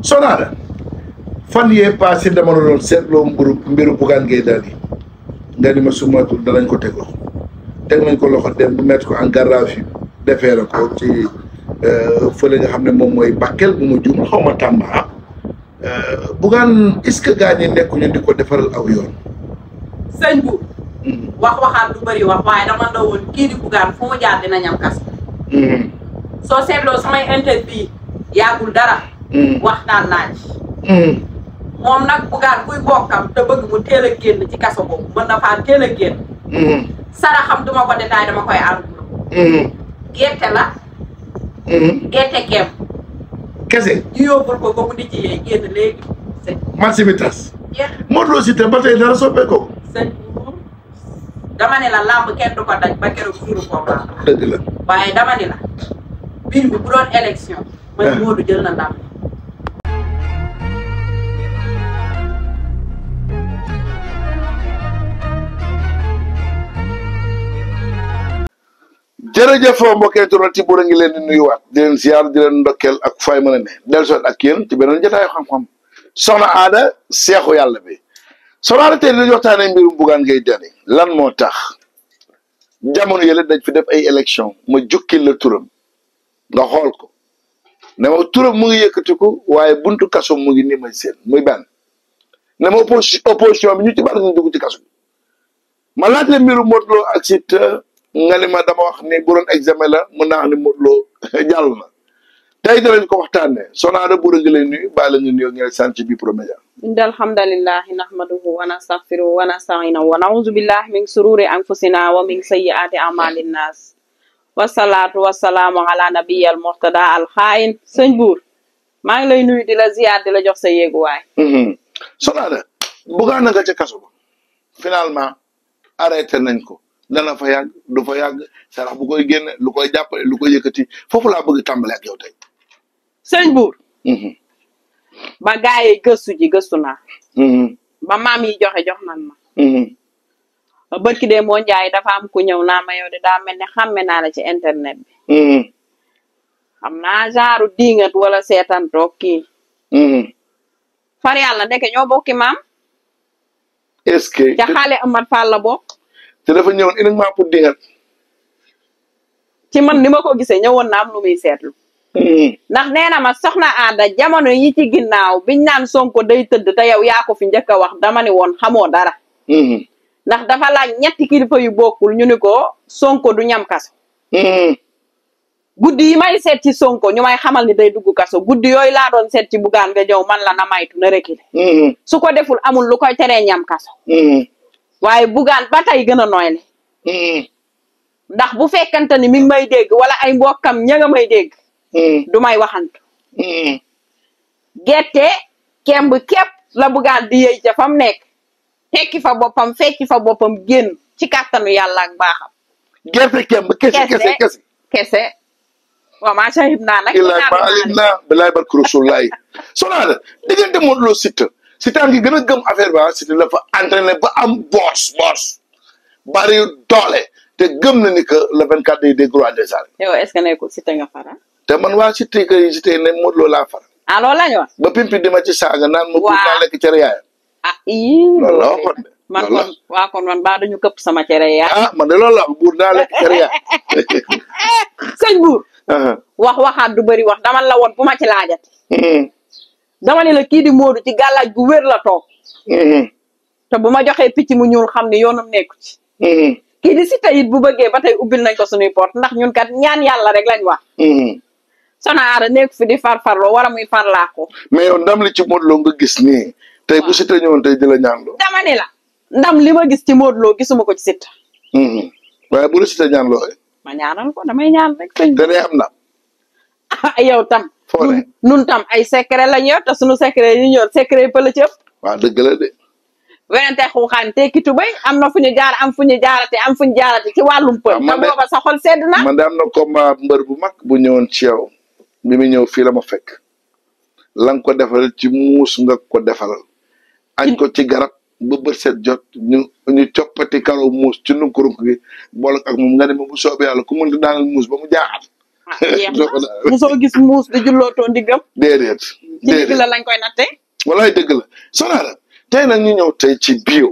Sonaara fan yee passé dama la doon seetloo mbiru mbiru Bougane Gueye Dany nga ni ma sumaatul danañ ko teg loxo teg nañ ko loxo dem bu mettre ko en garde fi vue defeere ko ci euh, fële nga xam ne moom mooy Bakel bu ma juum xaw ma Tamba euh, Bougane est-ce que gaa ñi di ko defaral aw yoon. sëñ bu. Hmm. wax waxaat lu bëri wax waaye dama la kii di Bougane foo jaar dina ñam kas. Hmm. soo seetloo samay interview yàggul dara. Mm. waxtaan naa ci. Mm. moom nag bugaan kuy bokkam te bëgg mu teel a ci kaso boobu mën na faa teel a génn. Mm. saraxam duma ko détaillé dama koy àll. gerte la. gerte kem. kese ñu yóbbul ko ba mu di jiyee génn léegi. marché bi tas. Modou Lo Siteu ba tey dara soppeekoo. sëñ dama ne la làmb kenn du ko daj ba keroog suuru combat. dëgg la waaye dama ne la. mbir mi bu doon élection. man ah. Modou jël na làmb. jërëjëf mbokk internet yi bu ngi leen di nuyuwaat di leen ziar di leen ndokkeel ak fay mën a ne dellusiwaat ak yéen ci beneen jotaayu xam-xam soxna aada seexu yàlla bi soxna aada tey dinañ waxtaanee mbirum Bougane Gueye lan moo tax jamono yële dañ fi def ay élection ma jukkil la turam nga xool ko ne ma turam mu ngi yëkkatiku waaye buntu kaso mu ngi nii may seen muy benn ne ma opposition bi ñu ci bari ñu dugg ci kaso ma laaj leen mbirum Modou Lo ak Siteu nga ma dama wax ni bu doon examen la mën naa wax ni Modou Lo jàll na tey danañ ko waxtaanee Sonaada bu rëgg lay nuyu bàyyi la nga nuyoo ngeen sant bi Bprod Media. إن الحمد لله نحمده ونستغفره ونستعينه ونعوذ بالله من شرور أنفسنا ومن سيئات أعمال الناس والصلاة والسلام على نبي المرتضى الخائن sëñ buur maa ngi lay nuyu di la ziyaar la jox sa yéeguwaay. Mm-hmm. Sonaada. Bougane nga ca kaso ba finalement arrêté nañ ko. dana fa yàgg du fa yàgg sarax bu koy génne lu koy jàppale lu koy yëkkati foofu laa bëgg tàmbale ak yow tey. Buur. Mm-hmm. ba gaa gëstu ji gëstu na mm-hmm. ba maam yi joxe jox nan ma. Mm-hmm. ba bërki moo njaay dafa am ku ñëw naa ma de daa mel ne xàmme naa la ci internet bi. xam naa genre diingat wala seetantoog kii. far yàlla ndeke ñoo bokki maam. est-ce que ca xaale Amath Fall la bokk. te dafa ñëwoon uniquement pour dingat ci man ni ma ko gisee ñëwoon na am lu muy seetlu. Mm-hmm. ndax nee na ma soxna Aada jamono yi ci ginnaaw biñ naan Sonko day tëdd te yow yaa ko fi njëkk a wax dama ni woon xamoo dara. Mm-hmm. ndax dafa laaj ñetti kilifa yu bokkul ñu ni ko Sonko du ñam kaso. Mm-hmm. guddi yi may seet ci Sonko ñu may xamal ni day dugg kaso guddi yooyu laa doon seet ci bugaan nga ñëw man la na maytu na rekile. su ko deful amul lu koy teree ñam kaso. waaye bugaan ba tey gën a nooy mm. ndax bu fekkante ni mi may dégg wala ay mbokkam ña nga may dégg. Mm. du may waxantu. Mm. gerte kemb képp la bugaan di yëy ca nekk tekki fa boppam fekki fa boppam génn ci kàttanu yàlla ak baaxam. gerte kemb kese kese kese kese. waaw macha allah. nag dinaa la naan Ilaah Ba Alioune Bilay Barke Rasulullah. Soxna la diggante Siteu a ngi gën gëm affaire ba ah, Siteu la fa entraîné ba am boos boos bari doole te gëm na ni que le 24 day déglu waa des arènes. yow est ce que nekkul Siteu nga faral. Ah? te man waa Siteu kay Siteu ne Modou Lo la ah, ñu wax. ba pimpi dama ci naan ma. waaw pour naa lekk cere yaayam. ah ii man kon waa kon man baa dañu këpp sama cere yaay. man de loolu la buur naa lekk cere yaay. sëñ buur. Uh-huh. wax waxaat du bëri wax dama la woon bu ma ci dama ne la kii di Modou ci gàllaaj gu wér la toog. Mm-hmm. te bu ma joxee picc mu ñuul xam ne yoonam nekku ci. Mm-hmm. kii di si tey it bu bëggee ba tey ubbil nañ ko suñuy porte ndax ñun kat ñaan yàlla rek lañ wax. Mm-hmm. sonaara nekk fi di farfarloo war a muy farlaa ko. mais yow ndam li ci Modou Lo gis nii. tey bu Siteu ñëwoon tey di la ñaan loo. dama ne la ndam li ma gis ci Modou Lo gisuma ko ci Siteu. waaye bu la Siteu ñaan loo. Eh? ma ñaanal ko damay ñaan rek sëñ bi. te am ndam. ah tam. foore nun tam ay secret la ñor te suñu secret yi ñor secret yi pël ci ëpp waaw dëgg la de wenente xuuxaan tekki tubay am na fu ñu jaar am fu ñu jaarate am fu ñu jaarate ci wàllum pël ah, te booba sa sedd na man de am na combat mbër bu mag bu ñëwoon ci yow bi ñëw fii la ma fekk lang ko defal ci muus nga ko defal añ ko ci garab ba bët jot ñu ñu coppati karaw muus ci nunkurunk gi boole ak moom nga ne ma bu soobee yàlla ku mënta daanal muus ba mu jaaxal Ah, musoo gis muus di jullootoo ndiggam. déedéet déedéet la lañ koy nattee. walaay dëgg la Sonaara tey nag ñu ñëw tey ci bio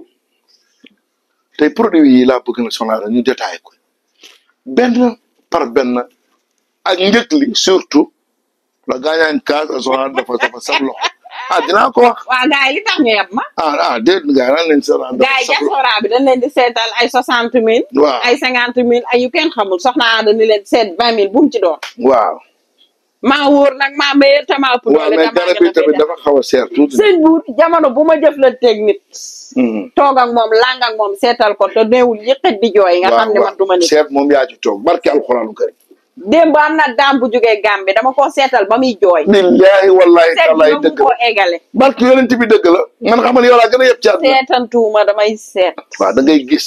tey produit yi laa bëgg na Sonaara ñu détaillé ko benn par benn ak njëg li surtout la gaañaan kaas Sonaara dafa dafa sab loxo. ah dinaa ko wax. waaw gars yi li tax ñu yab ma. ah ah déedéet gars lañ soxla. bi dañ leen di seetal ay soixante mille. ay cinquante mille ay yu kenn xamul soxna Ada ni leen seet vingt mille bu mu ci doon. waaw. maa wóor nag maa meilleur te maa ëpp a mais dafa xaw a seer tuuti. sëñ bu ma jëf la technique. Hmm. toog ak moom lang seetal ko te néewul yëkkat di jooy. nga xam ne man du ma nit. seet moom yaa ci toog barke alxuraanu démb am na daam bu jógee Gambie dama koo seetal ba muy jooy. billaahi wallaahi tallaahi dëgg la koo eggale. la man xam nga yow laa gën a yëpp ci àdduna. seetantuuma damay seet. waaw da ngay gis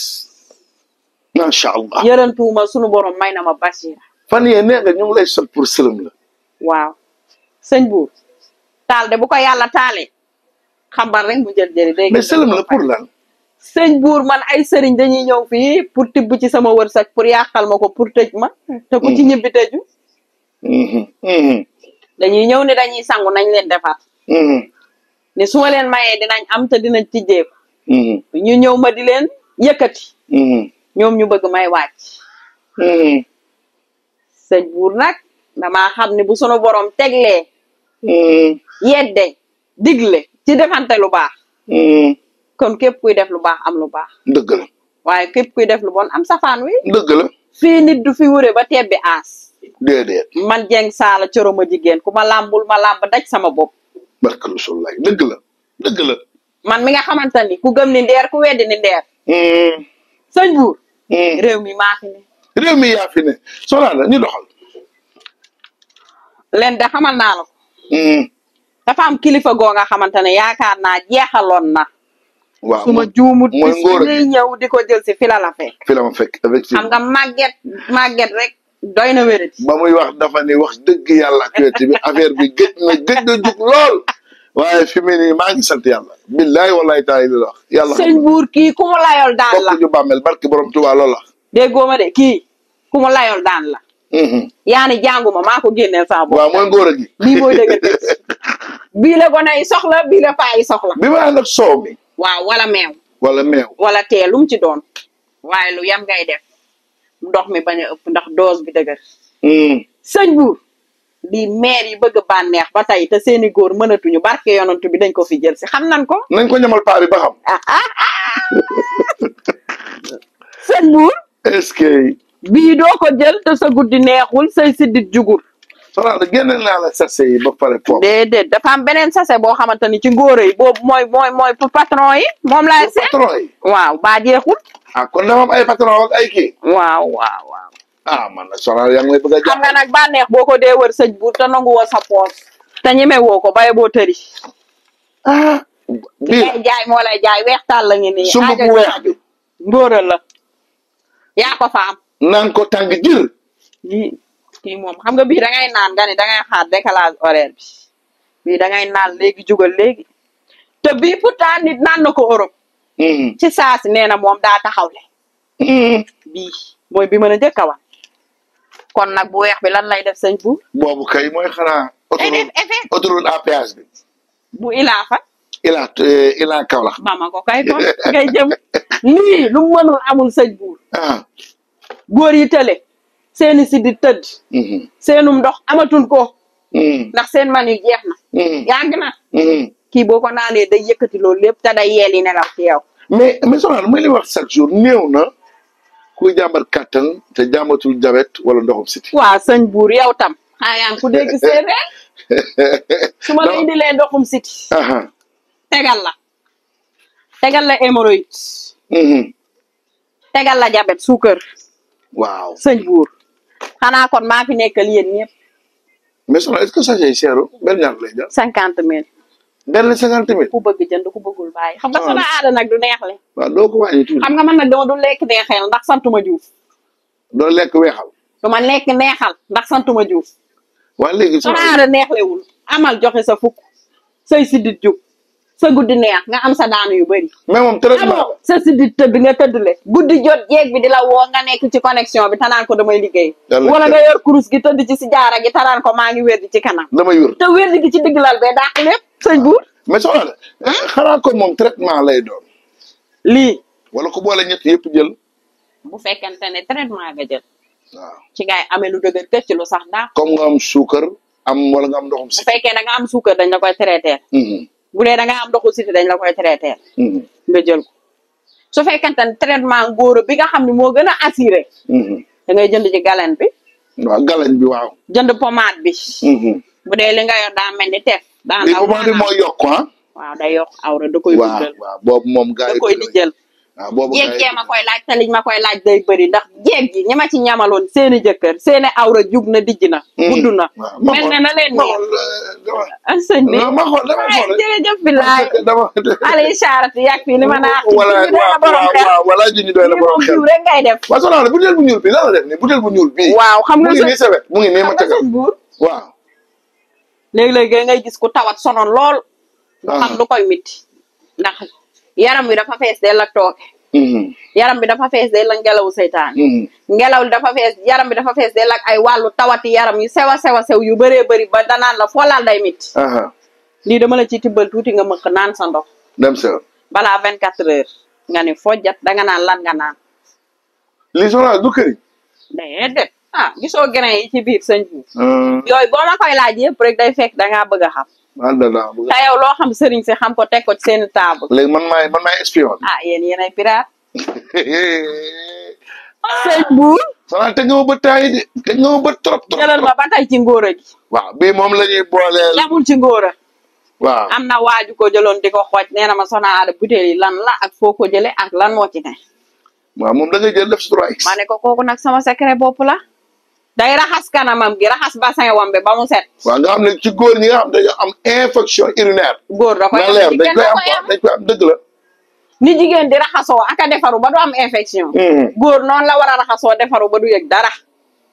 macha allah. yërëntuuma sunu borom may na ma Bachira. fan yee nee nga ñu lay sol pour sërëm la. waaw sëñ Buur. taal de bu ko yàlla taalee. xambar rek mu jël jëli. mais sërëm la pour lan. sëñ buur man ay sëriñ dañuy ñëw fii pour tibb ci sama wërsëg pour yàqal ma ko pour tëj ma. te ci mm-hmm. ñibbi tëju. Mm-hmm. Mm-hmm. dañuy ñëw ne dañuy sangu nañ leen defar. ne su leen mayee dinañ am te dinañ tijjeeku. ñu ñëw ma di leen yëkkati. ñoom ñu bëgg may wàcc. sëñ buur nag damaa xam ne bu sunu borom teglee. yedde digle ci defante lu baax. kon képp kuy def lu baax am lu baax. dëgg la. waaye képp kuy def lu bon am safaan wi. dëgg la. fii nit du fi wure ba tebbi aas. déedéet. man jeng saala coro ma jigéen ku ma làmbul ma làmb daj sama bopp. barke Rasulullah dëgg la dëgg la. man mi nga xamante ni ku gëm ni ndeer ku weddi ni ndeer. Hmm. sëñ buur. Hmm. réew mi maa fi mi yaa fi ne ñu doxal. leen de xamal naa la hmm. kilifa goo nga xamante ne yaakaar naa waaw su ma juumut mooy ngóor ñuy ñëw di ko jël si fi la la fekk. fi la ma fekk effectivement nga màgget màgget rek doy na wérati. ba muy wax dafa ni wax dëgg yàlla ak wérati bi affaire bi gëj na gëj na jug lool waaye fi mu nii maa ngi sant yàlla. billaay wallaay taala wax. yàlla sëñ buur kii ku mu layool daan la bokkuñu bàmmeel barki borom Tuubaa lool ma kii ku mu layool daan la. Mm-hmm. yaa ni jànguma maa ko génneel saa bopp. mooy ngóor gi lii mooy dëgg dëgg. bii la gone yi soxla bii la paa yi soxla. bi ma ànd soow mi waaw wala meew. wala meew wala tee lu ci doon. waaye lu yam ngay def ndox mi bañ a ëpp ndax dose bi dëgër. Hmm. sëñ buur lii maire yi bëgg bànneex ba tey te seeni góor mënatuñu barke yonent bi dañ ko fi jël si xam nan ko. nañ ko ñamal paari ba xam. Ah, ah, ah! sëñ buur. est bii doo ko jël te sa guddi neexul say siddit jugur. soxna génne naa la sase yi ba pare poofu. déedéet dafa am beneen sase boo xamante ni ci ngóore yi boobu mooy mooy mooy pour patron yi. moom laay seet patron yi. waaw baa jeexul. Ah, kon dafa am ay patron ak ay kii. waaw ah, a. xam nga nag bànneex boo ko dee wër sëñ bu te nangu woo sa poos. te ñeme woo ko baye boo tëri. ah. bii lay jaay moo lay jaay weex la ngi nii. sumb bu weex bi ngóore la. yaa ko fa am. naan ko tàng jër. kii moom xam nga bii dangay naan nga ne da ngay xaar décalage bi bii dangay ngay naan léegi jugal léegi te bii pourtant nit naan na ko Europe. Mm-hmm. ci saa si nee na moom daa taxawle. Mm-hmm. bii mooy bi mën a njëkk kon nag bu weex bi lan lay def sëñ bu. boobu kay mooy xanaa. autoroute eh, eh, eh, à péage bi. bu ilaa fa. ilaa ilaa Kaolack. amul sëñ bu. Ah. góor seeni si di tëdd mm-hmm. seenum ndox amatuñ ko mm-hmm. ndax seen man jeex na mm-hmm. yàgg na kii boo ko naanee day yëkkati loolu lépp te day yeeli nelaw ci yow mais mais li wax chaque jour néew na kuy jàmbat kàttan te jàmbatul jabet wala ndoxum siti waaw sëñ buur yow tam xaayaan ku dégg séeréer su ma la indilee ndoxum siti tegal la tegal la hémorroïde tegal la jabet suukar waaw sëñ buur xanaa kon maa fi nekkal yéen ñëpp. mais soxna est-ce que sachet yi seeru benn ñaar lay jar. cinquante mille. benn cinquante mille. ku bëgg jënd ku bëggul bàyyi. xam nga sama aada nag du neexle. waaw doo ko wàññi tuuti. xam nga man nag dama du lekk neexal ndax santuma Juuf. doo lekk weexal. du ma nekk neexal ndax santuma Juuf. waaye léegi sama aada neexlewul amal joxe sa fukk say siddit jóg. sa guddi neex nga am sa daanu yu bari mais moom traitement sa si di tëdd nga tëdd le guddi jot yeeg bi di la woo nga nekk ci connexion bi tanaan ko damay liggéey. wala nga yor kurus gi tëdd ci si jaara gi tanaan ko maa ngi wérdi ci kanam. damay wér te wérdi gi ci digg lal bee dàq lépp sëñ buur. mais soxna de xanaa kon moom traitement lay doon. lii. wala ko boole ñett yëpp jël. bu fekkente ne traitement nga jël. waaw ci ngay amee lu dëgër kër ci lu sax dàq. comme nga am suukar am wala nga am ndoxum fekkee da nga am dañ la koy traité. Mm-hmm. bu dee danga nga am ndoxu siti dañ la koy traité mhm. nga jël ko su fekkente ne traitement ngóoro bi nga xam ne moo gën a assuré mhm. da ngay jënd ci galen bi waaw galen bi waaw jënd pomade bi mhm. bu dee li nga yor daa mel ni teef daa pomade bi mooy yokk ah waaw day yokk awra da koy waaw waaw boobu moom gaa di jël waaw boobu jéeg jee ma koy laaj te liñ ma koy laaj day bëri ndax jéeg ji ñi ma ci ñamaloon seeni jëkkër seeni awra jug na dijj na. Hmm. gudd na mel na leen nii. Eh, ah, sëñ bi ma xool dama xool jërëjëf bi laay. Aliou Charati yàgg fii li ma naa. wala waaw wala junj na borom xel waaw soxna Anta butéel bu ñuul bi lan la def bu ñuul bii. waaw xam nga mu ngi nii sawet mu ngi nii ma tëggal waaw. léeg-léeg ngay gis ku tawat sonoon lool. Ah. xam lu koy miti ndax yaram wi dafa fees dell ak tooke. Mm-hmm. yaram bi dafa fees dell ak ngelawu seytaan. Mm-hmm. ngelaw li dafa fees yaram bi dafa fees dell ak ay wàllu tawati yaram yu sewa a sew a sew yu bëree bëri ba la foolaal day mit. lii dama la ci tibbal tuuti nga mëq naan sa ndox. dem balaa vingt quatre heures nga ni fojjat danga naan lan nga naan. li soxla du këriñ. déedéet ah gisoo grain yi ci biir sëñ bi. Mm. yooyu boo ma koy laaj yëpp rek day fekk dangaa bëgg a xam. te yow loo xam sëriñ si xam ko teg ko ci seen i man maay man a espion. ah yéen yéen ay pirate. sëñ buur. xanaa teg nga ma bët taay de teg nga ma bët trop trop. jëlal ma ba tey ci ngóora gi. waaw bii moom la ñuy booleel. yamul ci ngóora. waaw am na waaju ko jëloon di ko xooj nee na ma Soxna Ada butéel yi lan la ak foo ko jëlee ak lan moo ci moom da jël def si 3X. ma ko kooku nag secret bopp la. day raxas kanamam gi raxas bassin wambe ba mu set. waaw nga xam ne ci góor ñi nga xam dañoo am infection urinaire. góor da koy am leer dañ koy am dañ koy am dëgg la. ni jigéen di raxasoo ak a defaru ba du am infection. Mm-hmm. góor noonu la war a raxasoo defaru ba du yëg dara.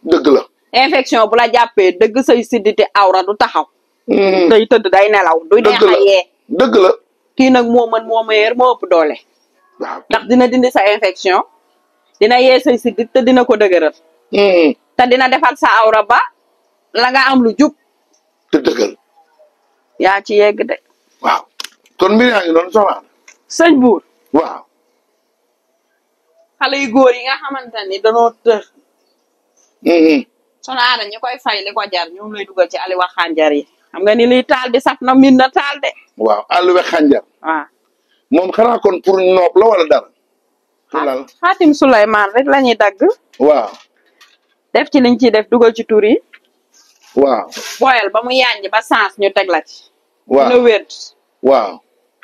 dëgg la. infection bu la jàppee dëgg say sidditi awra du taxaw. Mm-hmm. day tëdd day nelaw du neex a yee. dëgg la. kii nag moo mën moo meilleur moo ëpp doole. waaw ndax dina dindi sa infection. dina yee say siddit te dina ko dëgëral. Mm-hmm. te dina defal sa awra ba la nga am lu jub. te yaa ci yegg de. waaw kon mbir yaa ngi doon soxla. sëñ buur. waaw. xale yu góor yi nga xamante ni danoo tër. Mm-hmm. sonaara ñu koy fay li jar ñu lay dugal ci wa xànjar yi xam nga ni liy taal bi saf na min na taal de. waaw aliwa xànjar. waaw moom xanaa kon pour noob la wala dara. xaatim Souleymane rek la ñuy dagg. waaw. def ci liñ ciy def dugal ci tuuri yi. waaw boyal ba mu yànj ba sens ñu teg la ci. waaw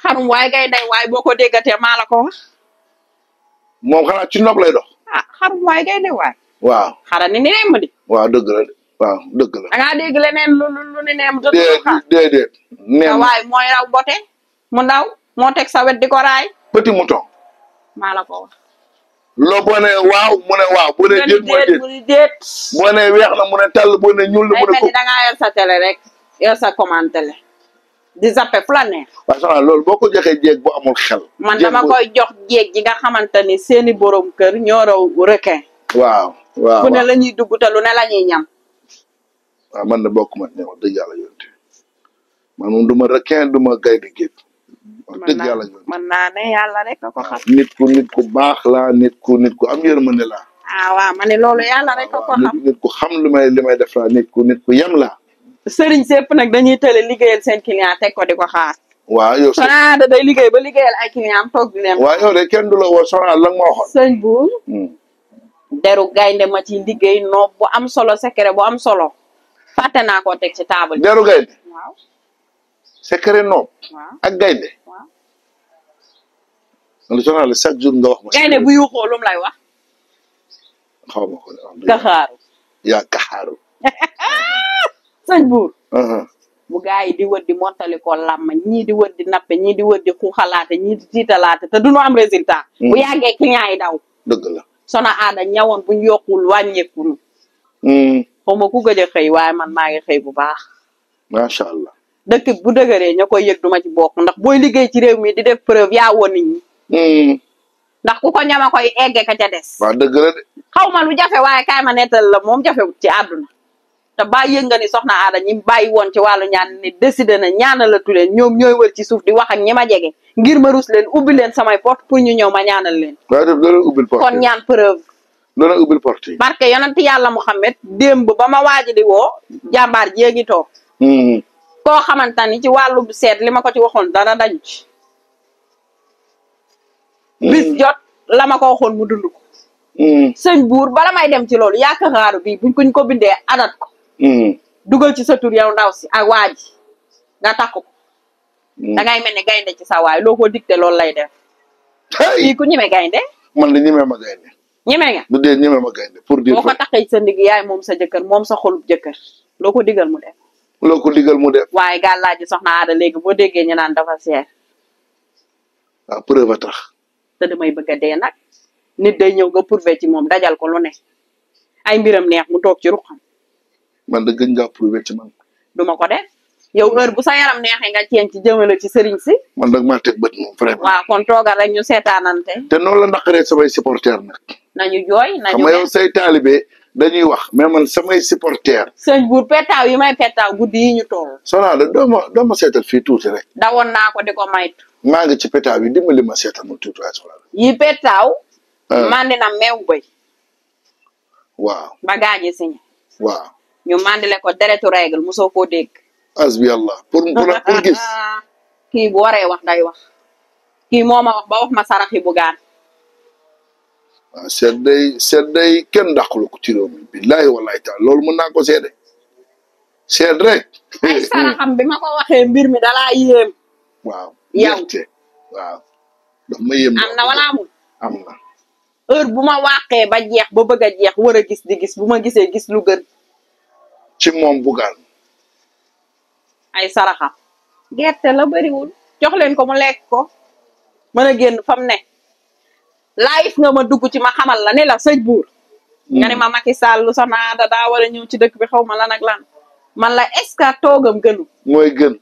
xarum waaye ngay day waaye boo ko déggatee maa la ko moom xanaa ci nopp lay dox. ah xarum waaye ngay day waay. waaw xara ni ni neem di. waaw dëgg la waaw dëgg la. da ngaa mooy raw bote mu ndaw moo teg sa wet di ko raay. petit mouton. maa la ko loo boo waaw mu ne waaw boo nee déet mu ne déet mu ne déet boo nee na mu ne tàll boo rek yor sa commande di zappe fu neex waaw soxna loolu boo ko joxee jéeg bu amul xel man dama koy jox jéeg ji nga xamante ni seeni borom kër ñoo raw requin waaw waaw fu ne la ñuy dugg te la ñuy ñam waaw man na bokk man ne wax dëgg yàlla man moom du ma requin du ma wax dëgg yàlla jooju mën naa ne yàlla rek a ko xam. nit ku nit ku baax la nit ku nit ku am yërmande la. ah waaw ma ne loolu yàlla rek a ko xam nit ku xam li may li may def la nit ku nit ku yem la. sëriñ sépp nag dañuy tële liggéeyal seen client teg ko di ko xaar. waaw yow Soxna Ada ah, liggéey ba liggéeyal ay client am toog di leen. waaw yow de du la woo Soxna Ada lan moo waxoon. sëñ bu. Hmm. deru gaynde ma ci liggéey noob bu am solo secret bu am solo. fàtte naa koo teg ci table. deru gaynde secret noob. ak gaynde. waaw. wax ma. gaynde bu yuuxoo lu lay wax. kaxaaru. yaa kaxaaru. sëñ buur. Uh-huh. bu gaa yi di wër di montali ko ñii di wër di nappe ñii di wër di xuuxalaate ñii di tiitalaate te duñu am résultat. Hmm. bu yàggee client yi daw. dëgg la ñawoon buñ yokkul wàññeeku. Hmm. xaw ma ku gëj a xëy waaye man maa ngi xëy bu baax. macha allah. dëkk bu dëgëree ña koy yëg duma ci bokk ndax booy liggéey ci réew mi di def preuve yaa woon nit ñi hmm. ndax ku ko ñama koy egge ka ca des waaw dëgg la de xaw ma lu jafe waaye kaay ma nettal la moom jafewut ci àdduna te bàyyi yëg nga ni soxna aada ñi bàyyi woon ci wàllu ñaan ni décidé na ñaanalatu leen ñoom ñooy wër ci suuf di wax ak ñi ma jege ngir ma rus leen ubbi leen samay porte pour ñu ñëw ma ñaanal leen kon ñaan preuve loolu la ubbil porte yi. barke yonent yàlla Muhammad ba ma waaj di woo jàmbaar jee ngi toog. Hmm. koo xamante ni ci wàllu seet li ma ko ci waxoon dala dañ hmm. bis jot la ma ko waxoon mu dund ko hmm. sëñ buur bala may dem ci loolu yaakaaru bi buñ kuñ ko bindee adat ko hmm. dugal ci sa tur yow ndaw si ak waa ji nga takk ko dangay ngay mel ne gaynde ci sa waay loo ko dicté loolu lay def kii ku ñeme gaynde man la ñeme ma gaynde ñeme nga du dee ñeme ma pour dire boo ko takkee sa ndig yaay moom sa jëkkër moom sa xolub jëkkër loo ko digal mu def loo ko digal mu def. waaye gàllaaji soxna Aada léegi boo déggee ñu naan dafa seer. waaw preuve a tax. te damay bëgg a dee nag nit day ñëw pour prouvé ci moom dajal ko lu ne ay mbiram neex mu toog ci ruq man da gën ngaa prouvé ci man. duma ko def yow heure bu sa yaram neexee nga ceen ci jëmale ci sëriñ si. man nag maa teg bët moom vraiment. waaw kon toogal rek ñu seetaanante. te noonu la naqaree samay supporters nag. nañu jooy nañu. xam say taalibe dañuy wax mais man samay supporter sëñ buur petaaw yi may petaaw guddi yi ñu toll. Soxna doo ma doo ma seetal fii tuuti rek. dawoon naa ko di ko maytu. maa ngi ci petaaw yi dimbali ma seetal ma tuuti waaye soxna. yi petaaw. Ah. mandi na meew bëy. waaw. ba gaañi siñ. waaw. ñu mandile ko deretu règle mosoo koo dégg. asbi allah pour pour gis. kii bu waree wax day wax. kii moo ma wax ba wax ma saraxi bu gaan waaw ah, seet day seet day kenn billahi wallahi taala loolu mën naa ko seede seet rek. ay saraxam bi ma ko waxee mbir mi dalaa yéem. waaw yow am na wala amul. am na. heure bu ma waaqee ba jeex ba bëgg jeex war gis di gis bu ma gisee gis lu gën. ci moom bugaan. ay saraxam. gerte la bëriwul jox leen ko mu lekk ko mën a génn ne. live nga ma dugg ci ma xamal la ne la sëñ buur hmm. nga ne ma Macky Sall sa naada daa war a ñëw ci dëkk bi xaw ma lan ak lan man la est toogam gënu mooy gën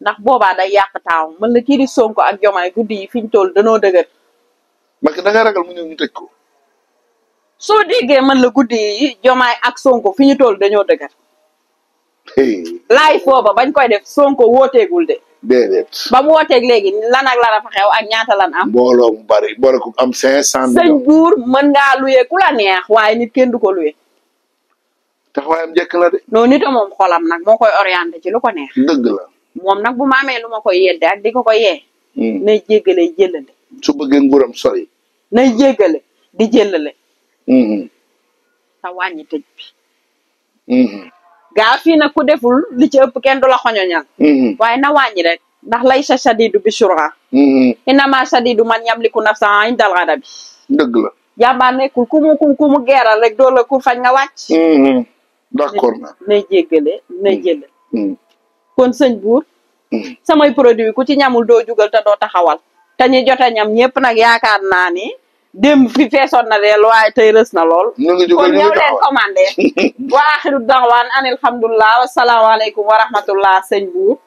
ndax boobaa day yàq taaw man la kii di Sonko ak Jomaay guddi yi fi ñu toll dañoo dëgër Macky da nga ragal mu ñëw ñu tëj ko soo déggee man la guddi yi Jomaay ak Sonko fi ñu toll dañoo dëgër live booba bañ koy def Sonko wooteegul de ba mu wooteeg léegi lan ak lan fa xew ak ñaata lan am. mbooloo mu bari am cinq cent millions. sëñ mën ngaa luye ku la neex waaye nit kenn du ko luye. taxawaayam njëkk la de. non nit a moom xolam nag moo koy orienté ci lu ko neex. dëgg la. moom nag bu ma amee lu ma koy yedde ak di ko ko yee. Hmm. nay jéggale jëllale. su bëggee nguuram sori. nay jéggale di jëllale. Hmm. te gaa fii nag ku deful li ci ëpp kenn du la xoñoñal mm-hmm. waaye na wàññi rek ndax lay sa sadidu bi surra mm-hmm. inama sadidu man yamliku nafsan indal ghadabi dëgg la jàmbaar nekkul ku mu geeral rek doo la ku fañ nga wàcc mm-hmm. d'accord na nay jéggale nay jëlle kon sëñ buur samay produit ku ci ñamul doo jugal te doo taxawal ta ñi jota ñam ñëpp nag yaakaar naa ni démb fi feesoon na deel waaye tey rës na lool. kon ñëw leen commandé. waa axiru dawaan anil hamdulillah wa salaamu aleykum wa Buur.